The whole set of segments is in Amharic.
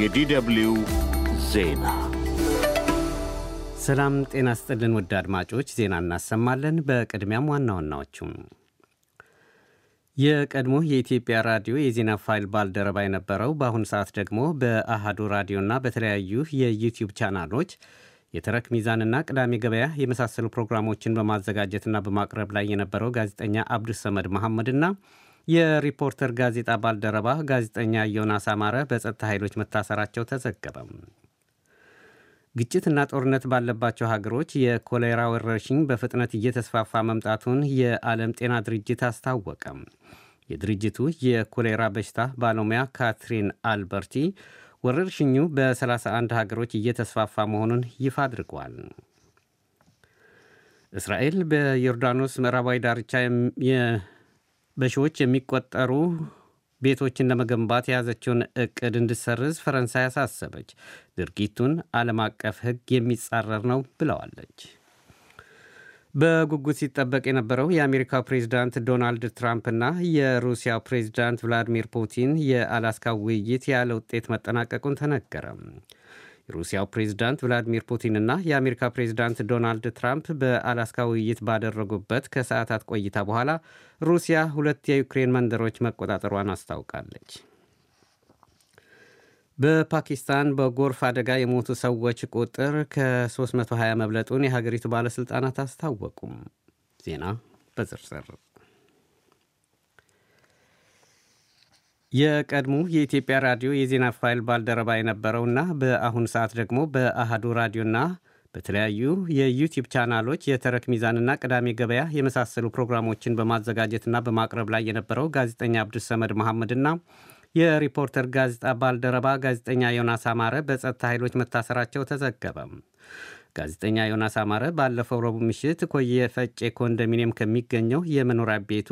የዲደብልዩ ዜና ሰላም ጤና ስጥልን። ውድ አድማጮች ዜና እናሰማለን። በቅድሚያም ዋና ዋናዎቹም የቀድሞ የኢትዮጵያ ራዲዮ የዜና ፋይል ባልደረባ የነበረው በአሁኑ ሰዓት ደግሞ በአሃዱ ራዲዮና በተለያዩ የዩቲዩብ ቻናሎች የተረክ ሚዛንና ቅዳሜ ገበያ የመሳሰሉ ፕሮግራሞችን በማዘጋጀትና በማቅረብ ላይ የነበረው ጋዜጠኛ አብዱሰመድ መሐመድና የሪፖርተር ጋዜጣ ባልደረባ ጋዜጠኛ ዮናስ አማረ በጸጥታ ኃይሎች መታሰራቸው ተዘገበም። ግጭትና ጦርነት ባለባቸው ሀገሮች የኮሌራ ወረርሽኝ በፍጥነት እየተስፋፋ መምጣቱን የዓለም ጤና ድርጅት አስታወቀም። የድርጅቱ የኮሌራ በሽታ ባለሙያ ካትሪን አልበርቲ ወረርሽኙ በ31 ሀገሮች እየተስፋፋ መሆኑን ይፋ አድርጓል። እስራኤል በዮርዳኖስ ምዕራባዊ ዳርቻ በሺዎች የሚቆጠሩ ቤቶችን ለመገንባት የያዘችውን እቅድ እንድሰርዝ ፈረንሳይ አሳሰበች። ድርጊቱን ዓለም አቀፍ ሕግ የሚጻረር ነው ብለዋለች። በጉጉት ሲጠበቅ የነበረው የአሜሪካው ፕሬዚዳንት ዶናልድ ትራምፕና የሩሲያው ፕሬዚዳንት ቭላዲሚር ፑቲን የአላስካ ውይይት ያለ ውጤት መጠናቀቁን ተነገረ። የሩሲያው ፕሬዝዳንት ቭላዲሚር ፑቲንና የአሜሪካ ፕሬዝዳንት ዶናልድ ትራምፕ በአላስካ ውይይት ባደረጉበት ከሰዓታት ቆይታ በኋላ ሩሲያ ሁለት የዩክሬን መንደሮች መቆጣጠሯን አስታውቃለች። በፓኪስታን በጎርፍ አደጋ የሞቱ ሰዎች ቁጥር ከ320 መብለጡን የሀገሪቱ ባለሥልጣናት አስታወቁም። ዜና በዝርዝር የቀድሞ የኢትዮጵያ ራዲዮ የዜና ፋይል ባልደረባ የነበረውና በአሁኑ ሰዓት ደግሞ በአህዱ ራዲዮና በተለያዩ የዩቲዩብ ቻናሎች የተረክ ሚዛንና ቅዳሜ ገበያ የመሳሰሉ ፕሮግራሞችን በማዘጋጀትና በማቅረብ ላይ የነበረው ጋዜጠኛ አብዱሰመድ መሐመድና የሪፖርተር ጋዜጣ ባልደረባ ጋዜጠኛ ዮናስ አማረ በጸጥታ ኃይሎች መታሰራቸው ተዘገበ። ጋዜጠኛ ዮናስ አማረ ባለፈው ረቡዕ ምሽት ኮየ ፈጬ ኮንዶሚኒየም ከሚገኘው የመኖሪያ ቤቱ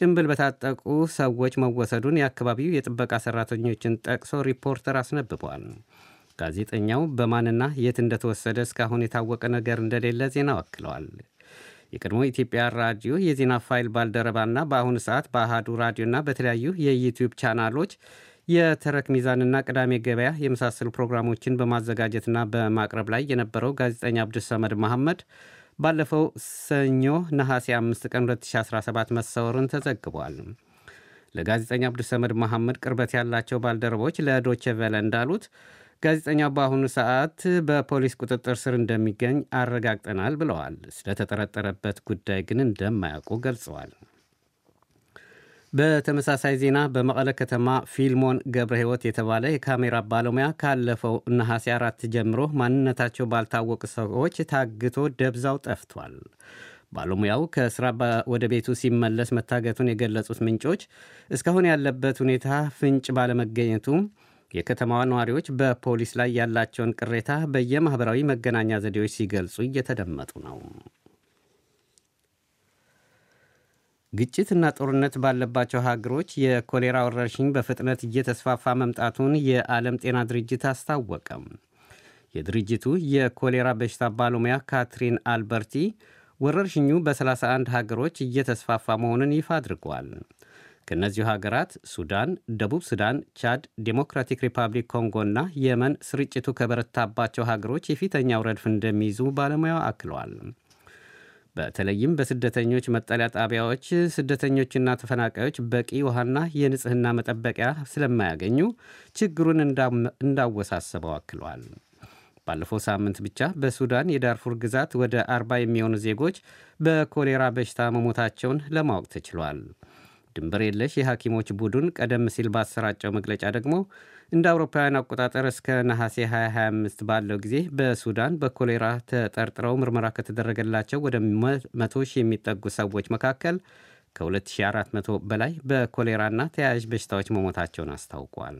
ጭንብል በታጠቁ ሰዎች መወሰዱን የአካባቢው የጥበቃ ሰራተኞችን ጠቅሶ ሪፖርተር አስነብቧል። ጋዜጠኛው በማንና የት እንደተወሰደ እስካሁን የታወቀ ነገር እንደሌለ ዜና ወክለዋል። የቀድሞ ኢትዮጵያ ራዲዮ የዜና ፋይል ባልደረባና በአሁኑ ሰዓት በአሃዱ ራዲዮና በተለያዩ የዩቲዩብ ቻናሎች የተረክ ሚዛንና ቅዳሜ ገበያ የመሳሰሉ ፕሮግራሞችን በማዘጋጀትና በማቅረብ ላይ የነበረው ጋዜጠኛ አብዱሰመድ መሐመድ ባለፈው ሰኞ ነሐሴ 5 ቀን 2017 መሰወሩን ተዘግቧል። ለጋዜጠኛ አብዱሰመድ መሐመድ ቅርበት ያላቸው ባልደረቦች ለዶቼ ቬለ እንዳሉት ጋዜጠኛው በአሁኑ ሰዓት በፖሊስ ቁጥጥር ስር እንደሚገኝ አረጋግጠናል ብለዋል። ስለተጠረጠረበት ጉዳይ ግን እንደማያውቁ ገልጸዋል። በተመሳሳይ ዜና በመቀለ ከተማ ፊልሞን ገብረ ህይወት የተባለ የካሜራ ባለሙያ ካለፈው ነሐሴ አራት ጀምሮ ማንነታቸው ባልታወቁ ሰዎች ታግቶ ደብዛው ጠፍቷል። ባለሙያው ከስራ ወደ ቤቱ ሲመለስ መታገቱን የገለጹት ምንጮች እስካሁን ያለበት ሁኔታ ፍንጭ ባለመገኘቱ የከተማዋ ነዋሪዎች በፖሊስ ላይ ያላቸውን ቅሬታ በየማኅበራዊ መገናኛ ዘዴዎች ሲገልጹ እየተደመጡ ነው። ግጭትና ጦርነት ባለባቸው ሀገሮች የኮሌራ ወረርሽኝ በፍጥነት እየተስፋፋ መምጣቱን የዓለም ጤና ድርጅት አስታወቀም። የድርጅቱ የኮሌራ በሽታ ባለሙያ ካትሪን አልበርቲ ወረርሽኙ በ31 ሀገሮች እየተስፋፋ መሆኑን ይፋ አድርጓል። ከእነዚሁ ሀገራት ሱዳን፣ ደቡብ ሱዳን፣ ቻድ፣ ዴሞክራቲክ ሪፐብሊክ ኮንጎና የመን ስርጭቱ ከበረታባቸው ሀገሮች የፊተኛው ረድፍ እንደሚይዙ ባለሙያው አክለዋል። በተለይም በስደተኞች መጠለያ ጣቢያዎች ስደተኞችና ተፈናቃዮች በቂ ውሃና የንጽህና መጠበቂያ ስለማያገኙ ችግሩን እንዳወሳሰበው አክሏል። ባለፈው ሳምንት ብቻ በሱዳን የዳርፉር ግዛት ወደ አርባ የሚሆኑ ዜጎች በኮሌራ በሽታ መሞታቸውን ለማወቅ ተችሏል። ድንበር የለሽ የሐኪሞች ቡድን ቀደም ሲል ባሰራጨው መግለጫ ደግሞ እንደ አውሮፓውያን አቆጣጠር እስከ ነሐሴ 2025 ባለው ጊዜ በሱዳን በኮሌራ ተጠርጥረው ምርመራ ከተደረገላቸው ወደ 100 ሺህ የሚጠጉ ሰዎች መካከል ከ2400 በላይ በኮሌራና ተያያዥ በሽታዎች መሞታቸውን አስታውቋል።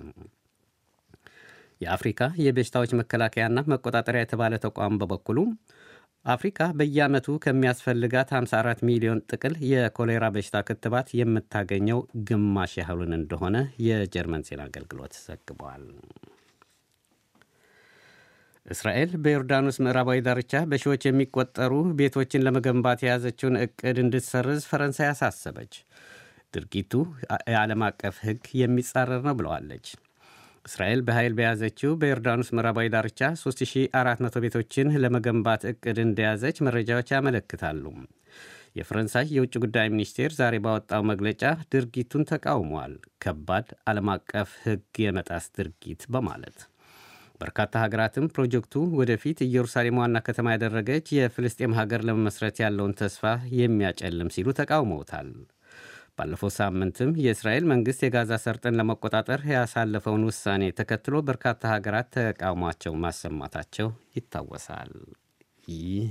የአፍሪካ የበሽታዎች መከላከያና መቆጣጠሪያ የተባለ ተቋም በበኩሉ አፍሪካ በየዓመቱ ከሚያስፈልጋት 54 ሚሊዮን ጥቅል የኮሌራ በሽታ ክትባት የምታገኘው ግማሽ ያህሉን እንደሆነ የጀርመን ዜና አገልግሎት ዘግቧል። እስራኤል በዮርዳኖስ ምዕራባዊ ዳርቻ በሺዎች የሚቆጠሩ ቤቶችን ለመገንባት የያዘችውን እቅድ እንድትሰርዝ ፈረንሳይ አሳሰበች። ድርጊቱ የዓለም አቀፍ ሕግ የሚጻረር ነው ብለዋለች። እስራኤል በኃይል በያዘችው በዮርዳኖስ ምዕራባዊ ዳርቻ 3400 ቤቶችን ለመገንባት እቅድ እንደያዘች መረጃዎች ያመለክታሉ። የፈረንሳይ የውጭ ጉዳይ ሚኒስቴር ዛሬ ባወጣው መግለጫ ድርጊቱን ተቃውሟል። ከባድ ዓለም አቀፍ ሕግ የመጣስ ድርጊት በማለት በርካታ ሀገራትም ፕሮጀክቱ ወደፊት ኢየሩሳሌም ዋና ከተማ ያደረገች የፍልስጤም ሀገር ለመመስረት ያለውን ተስፋ የሚያጨልም ሲሉ ተቃውመውታል። ባለፈው ሳምንትም የእስራኤል መንግስት የጋዛ ሰርጥን ለመቆጣጠር ያሳለፈውን ውሳኔ ተከትሎ በርካታ ሀገራት ተቃውሟቸው ማሰማታቸው ይታወሳል። ይህ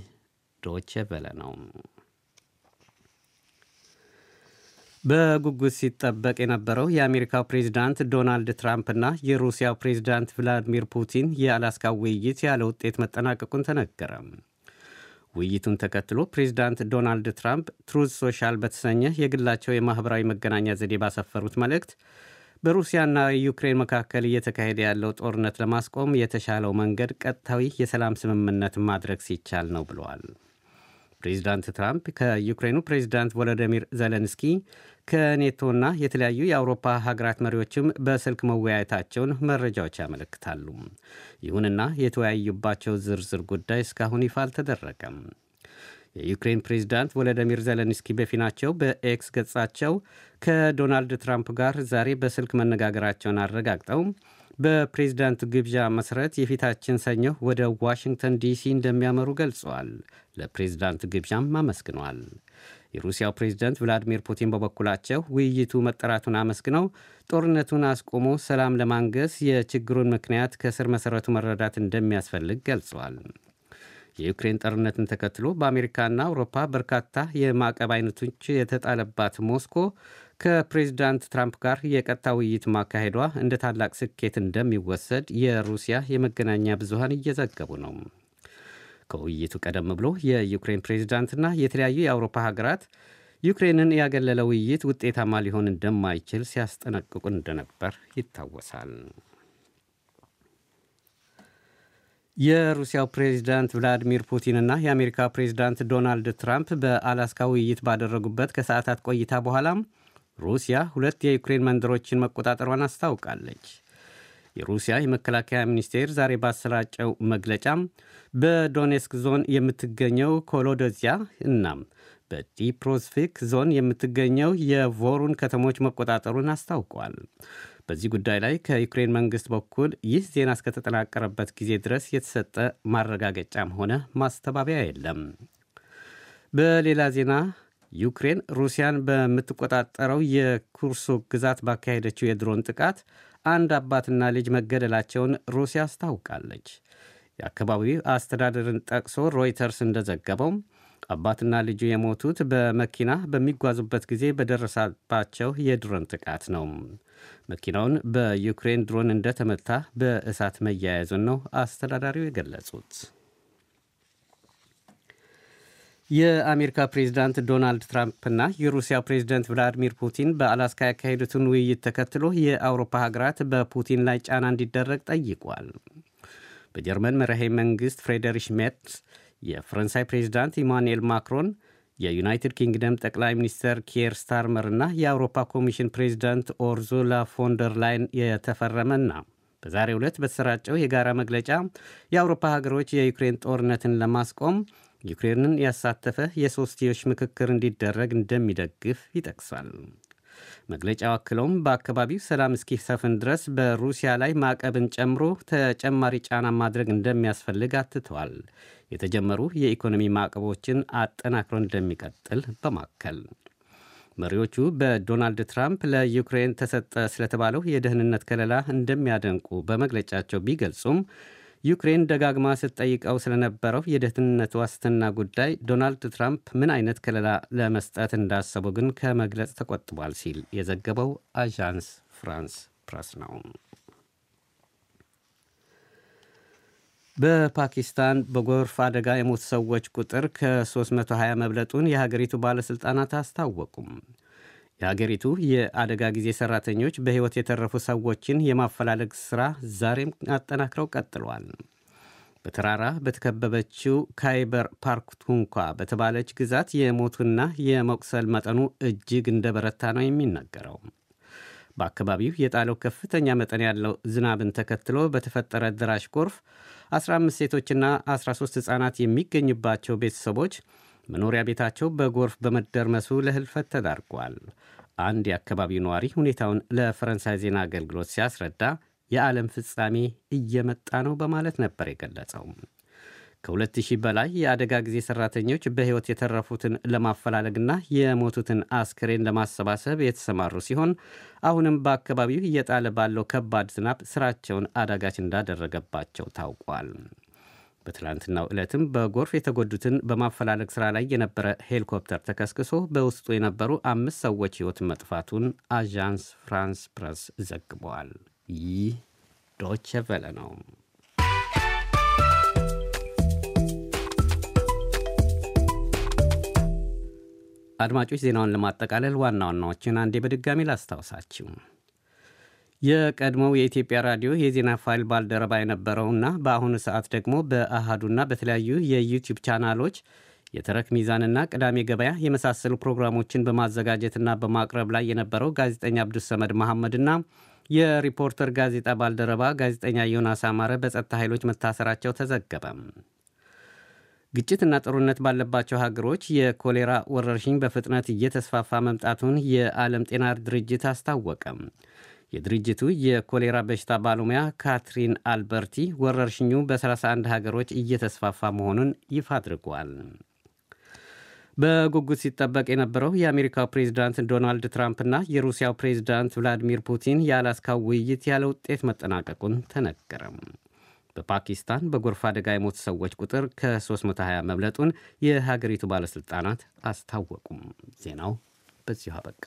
ዶቼ ቬለ ነው። በጉጉት ሲጠበቅ የነበረው የአሜሪካው ፕሬዚዳንት ዶናልድ ትራምፕ ና የሩሲያው ፕሬዚዳንት ቭላዲሚር ፑቲን የአላስካ ውይይት ያለ ውጤት መጠናቀቁን ተነገረም። ውይይቱን ተከትሎ ፕሬዚዳንት ዶናልድ ትራምፕ ትሩዝ ሶሻል በተሰኘ የግላቸው የማኅበራዊ መገናኛ ዘዴ ባሰፈሩት መልእክት በሩሲያና ዩክሬን መካከል እየተካሄደ ያለው ጦርነት ለማስቆም የተሻለው መንገድ ቀጥታዊ የሰላም ስምምነት ማድረግ ሲቻል ነው ብለዋል። ፕሬዚዳንት ትራምፕ ከዩክሬኑ ፕሬዚዳንት ቮሎዲሚር ዘለንስኪ ከኔቶና የተለያዩ የአውሮፓ ሀገራት መሪዎችም በስልክ መወያየታቸውን መረጃዎች ያመለክታሉ። ይሁንና የተወያዩባቸው ዝርዝር ጉዳይ እስካሁን ይፋ አልተደረገም። የዩክሬን ፕሬዚዳንት ቮሎዲሚር ዘለንስኪ በፊናቸው በኤክስ ገጻቸው ከዶናልድ ትራምፕ ጋር ዛሬ በስልክ መነጋገራቸውን አረጋግጠው በፕሬዝዳንት ግብዣ መሰረት የፊታችን ሰኞ ወደ ዋሽንግተን ዲሲ እንደሚያመሩ ገልጸዋል። ለፕሬዝዳንት ግብዣም አመስግኗል። የሩሲያው ፕሬዝዳንት ቭላዲሚር ፑቲን በበኩላቸው ውይይቱ መጠራቱን አመስግነው ጦርነቱን አስቆሞ ሰላም ለማንገስ የችግሩን ምክንያት ከስር መሠረቱ መረዳት እንደሚያስፈልግ ገልጸዋል። የዩክሬን ጦርነትን ተከትሎ በአሜሪካና አውሮፓ በርካታ የማዕቀብ አይነቶች የተጣለባት ሞስኮ ከፕሬዚዳንት ትራምፕ ጋር የቀጥታ ውይይት ማካሄዷ እንደ ታላቅ ስኬት እንደሚወሰድ የሩሲያ የመገናኛ ብዙሃን እየዘገቡ ነው። ከውይይቱ ቀደም ብሎ የዩክሬን ፕሬዚዳንትና የተለያዩ የአውሮፓ ሀገራት ዩክሬንን ያገለለ ውይይት ውጤታማ ሊሆን እንደማይችል ሲያስጠነቅቁ እንደነበር ይታወሳል። የሩሲያው ፕሬዚዳንት ቭላዲሚር ፑቲንና የአሜሪካ ፕሬዚዳንት ዶናልድ ትራምፕ በአላስካ ውይይት ባደረጉበት ከሰዓታት ቆይታ በኋላም ሩሲያ ሁለት የዩክሬን መንደሮችን መቆጣጠሯን አስታውቃለች። የሩሲያ የመከላከያ ሚኒስቴር ዛሬ ባሰራጨው መግለጫም በዶኔስክ ዞን የምትገኘው ኮሎዶዚያ እናም በዲፕሮስፊክ ዞን የምትገኘው የቮሩን ከተሞች መቆጣጠሩን አስታውቋል። በዚህ ጉዳይ ላይ ከዩክሬን መንግስት በኩል ይህ ዜና እስከተጠናቀረበት ጊዜ ድረስ የተሰጠ ማረጋገጫም ሆነ ማስተባበያ የለም። በሌላ ዜና ዩክሬን ሩሲያን በምትቆጣጠረው የኩርሱ ግዛት ባካሄደችው የድሮን ጥቃት አንድ አባትና ልጅ መገደላቸውን ሩሲያ አስታውቃለች። የአካባቢው አስተዳደርን ጠቅሶ ሮይተርስ እንደዘገበው አባትና ልጁ የሞቱት በመኪና በሚጓዙበት ጊዜ በደረሰባቸው የድሮን ጥቃት ነው። መኪናውን በዩክሬን ድሮን እንደተመታ በእሳት መያያዙን ነው አስተዳዳሪው የገለጹት። የአሜሪካ ፕሬዝዳንት ዶናልድ ትራምፕና የሩሲያ ፕሬዚደንት ቭላዲሚር ፑቲን በአላስካ ያካሄዱትን ውይይት ተከትሎ የአውሮፓ ሀገራት በፑቲን ላይ ጫና እንዲደረግ ጠይቋል። በጀርመን መራሄ መንግሥት ፍሬደሪሽ ሜርስ፣ የፈረንሳይ ፕሬዝዳንት ኢማኑኤል ማክሮን፣ የዩናይትድ ኪንግደም ጠቅላይ ሚኒስትር ኪየር ስታርመርና የአውሮፓ ኮሚሽን ፕሬዝዳንት ኦርዙላ ፎንደር ላይን የተፈረመና በዛሬ ዕለት በተሰራጨው የጋራ መግለጫ የአውሮፓ ሀገሮች የዩክሬን ጦርነትን ለማስቆም ዩክሬንን ያሳተፈ የሶስትዮሽ ምክክር እንዲደረግ እንደሚደግፍ ይጠቅሳል። መግለጫው አክለውም በአካባቢው ሰላም እስኪሰፍን ድረስ በሩሲያ ላይ ማዕቀብን ጨምሮ ተጨማሪ ጫና ማድረግ እንደሚያስፈልግ አትተዋል። የተጀመሩ የኢኮኖሚ ማዕቀቦችን አጠናክሮ እንደሚቀጥል በማከል መሪዎቹ በዶናልድ ትራምፕ ለዩክሬን ተሰጠ ስለተባለው የደህንነት ከለላ እንደሚያደንቁ በመግለጫቸው ቢገልጹም ዩክሬን ደጋግማ ስትጠይቀው ስለነበረው የደህንነት ዋስትና ጉዳይ ዶናልድ ትራምፕ ምን አይነት ከለላ ለመስጠት እንዳሰቡ ግን ከመግለጽ ተቆጥቧል ሲል የዘገበው አዣንስ ፍራንስ ፕረስ ነው። በፓኪስታን በጎርፍ አደጋ የሞቱ ሰዎች ቁጥር ከ320 መብለጡን የሀገሪቱ ባለሥልጣናት አስታወቁም። የአገሪቱ የአደጋ ጊዜ ሰራተኞች በሕይወት የተረፉ ሰዎችን የማፈላለግ ሥራ ዛሬም አጠናክረው ቀጥሏል። በተራራ በተከበበችው ካይበር ፓርክ ቱንኳ በተባለች ግዛት የሞቱና የመቁሰል መጠኑ እጅግ እንደበረታ ነው የሚነገረው። በአካባቢው የጣለው ከፍተኛ መጠን ያለው ዝናብን ተከትሎ በተፈጠረ ድራሽ ጎርፍ 15 ሴቶችና 13 ሕፃናት የሚገኙባቸው ቤተሰቦች መኖሪያ ቤታቸው በጎርፍ በመደርመሱ ለህልፈት ተዳርጓል። አንድ የአካባቢው ነዋሪ ሁኔታውን ለፈረንሳይ ዜና አገልግሎት ሲያስረዳ የዓለም ፍጻሜ እየመጣ ነው በማለት ነበር የገለጸው። ከ2000 በላይ የአደጋ ጊዜ ሠራተኞች በሕይወት የተረፉትን ለማፈላለግና የሞቱትን አስክሬን ለማሰባሰብ የተሰማሩ ሲሆን አሁንም በአካባቢው እየጣለ ባለው ከባድ ዝናብ ሥራቸውን አዳጋች እንዳደረገባቸው ታውቋል። በትላንትናው ዕለትም በጎርፍ የተጎዱትን በማፈላለግ ሥራ ላይ የነበረ ሄሊኮፕተር ተከስክሶ በውስጡ የነበሩ አምስት ሰዎች ሕይወት መጥፋቱን አዣንስ ፍራንስ ፕረስ ዘግቧል። ይህ ዶች ነው። አድማጮች ዜናውን ለማጠቃለል ዋና ዋናዎችን አንዴ በድጋሚ ላስታውሳችሁ። የቀድሞው የኢትዮጵያ ራዲዮ የዜና ፋይል ባልደረባ የነበረውና በአሁኑ ሰዓት ደግሞ በአሃዱና በተለያዩ የዩቲዩብ ቻናሎች የተረክ ሚዛንና ቅዳሜ ገበያ የመሳሰሉ ፕሮግራሞችን በማዘጋጀትና በማቅረብ ላይ የነበረው ጋዜጠኛ አብዱሰመድ መሐመድና የሪፖርተር ጋዜጣ ባልደረባ ጋዜጠኛ ዮናስ አማረ በጸጥታ ኃይሎች መታሰራቸው ተዘገበ። ግጭትና ጦርነት ባለባቸው ሀገሮች የኮሌራ ወረርሽኝ በፍጥነት እየተስፋፋ መምጣቱን የዓለም ጤና ድርጅት አስታወቀም የድርጅቱ የኮሌራ በሽታ ባለሙያ ካትሪን አልበርቲ ወረርሽኙ በ31 ሀገሮች እየተስፋፋ መሆኑን ይፋ አድርጓል። በጉጉት ሲጠበቅ የነበረው የአሜሪካው ፕሬዚዳንት ዶናልድ ትራምፕና የሩሲያው ፕሬዚዳንት ቭላዲሚር ፑቲን የአላስካው ውይይት ያለ ውጤት መጠናቀቁን ተነገረም። በፓኪስታን በጎርፍ አደጋ የሞቱ ሰዎች ቁጥር ከ320 መብለጡን የሀገሪቱ ባለሥልጣናት አስታወቁም። ዜናው በዚሁ አበቃ።